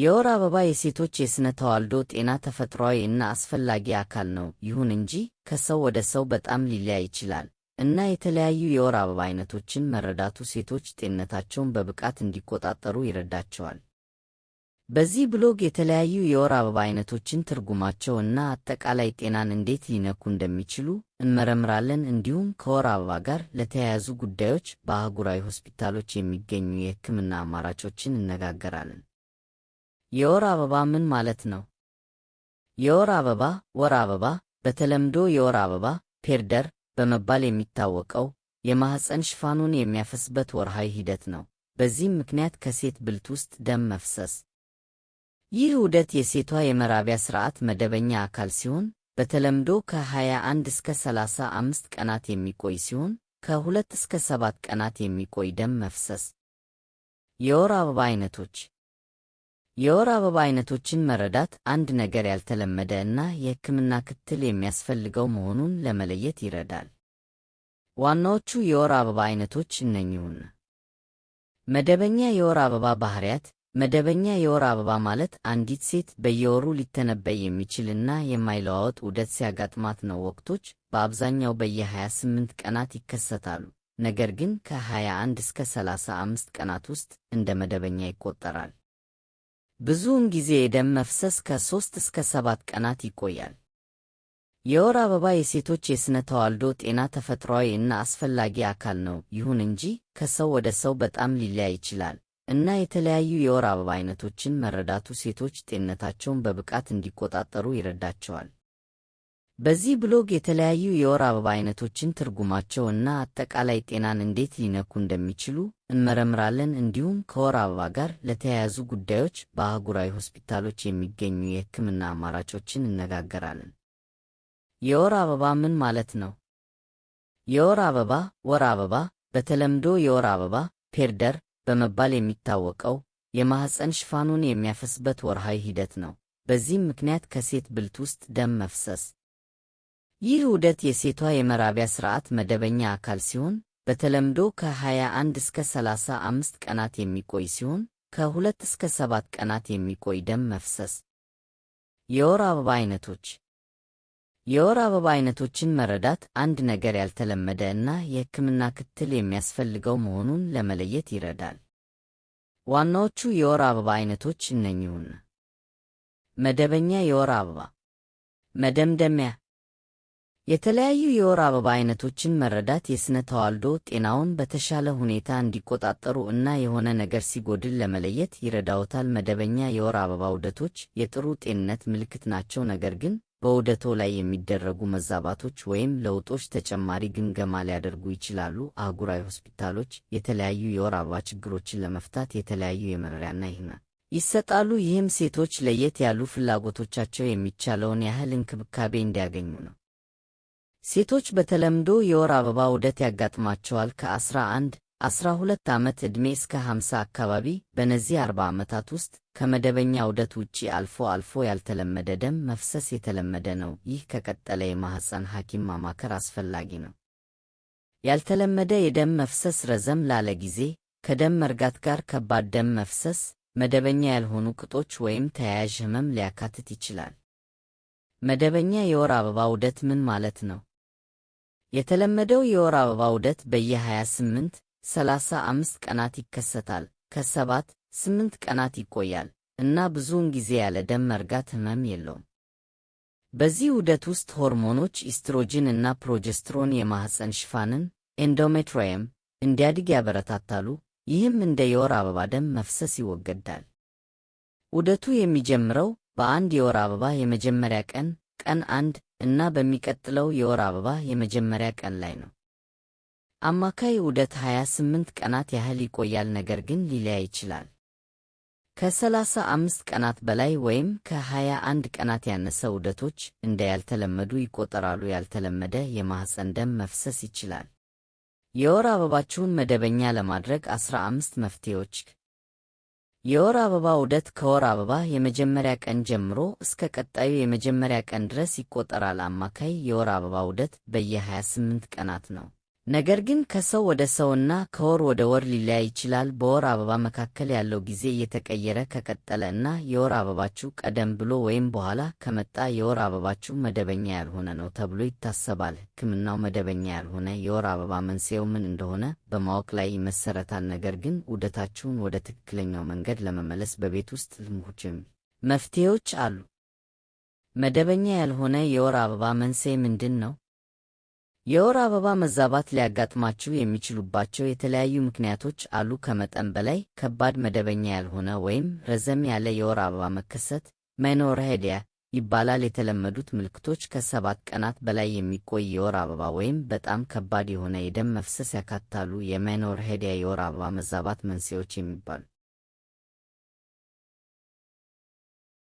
የወር አበባ የሴቶች የሥነ ተዋልዶ ጤና ተፈጥሯዊ እና አስፈላጊ አካል ነው። ይሁን እንጂ ከሰው ወደ ሰው በጣም ሊለያይ ይችላል እና የተለያዩ የወር አበባ አይነቶችን መረዳቱ ሴቶች ጤንነታቸውን በብቃት እንዲቆጣጠሩ ይረዳቸዋል። በዚህ ብሎግ የተለያዩ የወር አበባ አይነቶችን ትርጉማቸው እና አጠቃላይ ጤናን እንዴት ሊነኩ እንደሚችሉ እንመረምራለን። እንዲሁም ከወር አበባ ጋር ለተያያዙ ጉዳዮች በአህጉራዊ ሆስፒታሎች የሚገኙ የሕክምና አማራጮችን እነጋገራለን። የወር አበባ ምን ማለት ነው? የወር አበባ ወር አበባ በተለምዶ የወር አበባ ፔርደር በመባል የሚታወቀው የማህፀን ሽፋኑን የሚያፈስበት ወርሃዊ ሂደት ነው። በዚህም ምክንያት ከሴት ብልት ውስጥ ደም መፍሰስ። ይህ ዑደት የሴቷ የመራቢያ ሥርዓት መደበኛ አካል ሲሆን በተለምዶ ከ21 እስከ 35 ቀናት የሚቆይ ሲሆን ከ2 እስከ 7 ቀናት የሚቆይ ደም መፍሰስ። የወር አበባ አይነቶች የወር አበባ አይነቶችን መረዳት አንድ ነገር ያልተለመደ እና የሕክምና ክትል የሚያስፈልገው መሆኑን ለመለየት ይረዳል። ዋናዎቹ የወር አበባ አይነቶች እነኚሁን። መደበኛ የወር አበባ ባህሪያት መደበኛ የወር አበባ ማለት አንዲት ሴት በየወሩ ሊተነበይ የሚችልና የማይለዋወጥ ዑደት ሲያጋጥማት ነው። ወቅቶች በአብዛኛው በየ28 ቀናት ይከሰታሉ፣ ነገር ግን ከ21 እስከ 35 ቀናት ውስጥ እንደ መደበኛ ይቆጠራል። ብዙውን ጊዜ የደም መፍሰስ ከሶስት እስከ ሰባት ቀናት ይቆያል። የወር አበባ የሴቶች የሥነ ተዋልዶ ጤና ተፈጥሯዊ እና አስፈላጊ አካል ነው። ይሁን እንጂ ከሰው ወደ ሰው በጣም ሊለያይ ይችላል እና የተለያዩ የወር አበባ አይነቶችን መረዳቱ ሴቶች ጤንነታቸውን በብቃት እንዲቆጣጠሩ ይረዳቸዋል። በዚህ ብሎግ የተለያዩ የወር አበባ አይነቶችን ትርጉማቸው እና አጠቃላይ ጤናን እንዴት ሊነኩ እንደሚችሉ እንመረምራለን። እንዲሁም ከወር አበባ ጋር ለተያያዙ ጉዳዮች በአህጉራዊ ሆስፒታሎች የሚገኙ የሕክምና አማራጮችን እነጋገራለን። የወር አበባ ምን ማለት ነው? የወር አበባ ወር አበባ በተለምዶ የወር አበባ ፔርደር በመባል የሚታወቀው የማህፀን ሽፋኑን የሚያፈስበት ወርሃዊ ሂደት ነው። በዚህም ምክንያት ከሴት ብልት ውስጥ ደም መፍሰስ ይህ ዑደት የሴቷ የመራቢያ ሥርዓት መደበኛ አካል ሲሆን በተለምዶ ከ21 እስከ 35 ቀናት የሚቆይ ሲሆን ከ2 እስከ 7 ቀናት የሚቆይ ደም መፍሰስ። የወር አበባ አይነቶች የወር አበባ አይነቶችን መረዳት አንድ ነገር ያልተለመደ እና የሕክምና ክትትል የሚያስፈልገው መሆኑን ለመለየት ይረዳል። ዋናዎቹ የወር አበባ አይነቶች እነኚሁን፦ መደበኛ የወር አበባ መደምደሚያ የተለያዩ የወር አበባ አይነቶችን መረዳት የስነ ተዋልዶ ጤናውን በተሻለ ሁኔታ እንዲቆጣጠሩ እና የሆነ ነገር ሲጎድል ለመለየት ይረዳውታል መደበኛ የወር አበባ ዑደቶች የጥሩ ጤንነት ምልክት ናቸው፣ ነገር ግን በዑደቶ ላይ የሚደረጉ መዛባቶች ወይም ለውጦች ተጨማሪ ግምገማ ሊያደርጉ ይችላሉ። አህጉራዊ ሆስፒታሎች የተለያዩ የወር አበባ ችግሮችን ለመፍታት የተለያዩ የመመሪያና ይህና ይሰጣሉ፣ ይህም ሴቶች ለየት ያሉ ፍላጎቶቻቸው የሚቻለውን ያህል እንክብካቤ እንዲያገኙ ነው። ሴቶች በተለምዶ የወር አበባ ዑደት ያጋጥማቸዋል ከ11 12 ዓመት ዕድሜ እስከ 50 አካባቢ። በእነዚህ 40 ዓመታት ውስጥ ከመደበኛ ዑደት ውጪ አልፎ አልፎ ያልተለመደ ደም መፍሰስ የተለመደ ነው። ይህ ከቀጠለ የማህፀን ሐኪም ማማከር አስፈላጊ ነው። ያልተለመደ የደም መፍሰስ ረዘም ላለ ጊዜ ከደም መርጋት ጋር ከባድ ደም መፍሰስ፣ መደበኛ ያልሆኑ ቅጦች ወይም ተያያዥ ህመም ሊያካትት ይችላል። መደበኛ የወር አበባ ዑደት ምን ማለት ነው? የተለመደው የወር አበባ ዑደት በየ28 35 ቀናት ይከሰታል። ከሰባት ስምንት ቀናት ይቆያል እና ብዙውን ጊዜ ያለ ደም መርጋት ህመም የለውም። በዚህ ዑደት ውስጥ ሆርሞኖች ኢስትሮጂን እና ፕሮጀስትሮን የማህፀን ሽፋንን ኤንዶሜትሪየም እንዲያድግ ያበረታታሉ። ይህም እንደ የወር አበባ ደም መፍሰስ ይወገዳል። ዑደቱ የሚጀምረው በአንድ የወር አበባ የመጀመሪያ ቀን ቀን አንድ እና በሚቀጥለው የወር አበባ የመጀመሪያ ቀን ላይ ነው። አማካይ ዑደት 28 ቀናት ያህል ይቆያል፣ ነገር ግን ሊለያ ይችላል። ከ35 ቀናት በላይ ወይም ከ21 ቀናት ያነሰ ዑደቶች እንደ ያልተለመዱ ይቆጠራሉ። ያልተለመደ የማህፀን ደም መፍሰስ ይችላል። የወር አበባችሁን መደበኛ ለማድረግ 15 መፍትሄዎች የወር አበባ ዑደት ከወር አበባ የመጀመሪያ ቀን ጀምሮ እስከ ቀጣዩ የመጀመሪያ ቀን ድረስ ይቆጠራል። አማካይ የወር አበባ ዑደት በየ28 ቀናት ነው። ነገር ግን ከሰው ወደ ሰውና ከወር ወደ ወር ሊለያይ ይችላል። በወር አበባ መካከል ያለው ጊዜ እየተቀየረ ከቀጠለ እና የወር አበባችሁ ቀደም ብሎ ወይም በኋላ ከመጣ የወር አበባችሁ መደበኛ ያልሆነ ነው ተብሎ ይታሰባል። ሕክምናው መደበኛ ያልሆነ የወር አበባ መንስኤው ምን እንደሆነ በማወቅ ላይ ይመሰረታል። ነገር ግን ዑደታችሁን ወደ ትክክለኛው መንገድ ለመመለስ በቤት ውስጥ ልምዶችም መፍትሄዎች አሉ። መደበኛ ያልሆነ የወር አበባ መንስኤ ምንድን ነው? የወር አበባ መዛባት ሊያጋጥማችሁ የሚችሉባቸው የተለያዩ ምክንያቶች አሉ። ከመጠን በላይ ከባድ፣ መደበኛ ያልሆነ ወይም ረዘም ያለ የወር አበባ መከሰት መኖርሄዲያ ይባላል። የተለመዱት ምልክቶች ከሰባት ቀናት በላይ የሚቆይ የወር አበባ ወይም በጣም ከባድ የሆነ የደም መፍሰስ ያካትታሉ። የመኖርሄዲያ የወር አበባ መዛባት መንስኤዎች የሚባሉ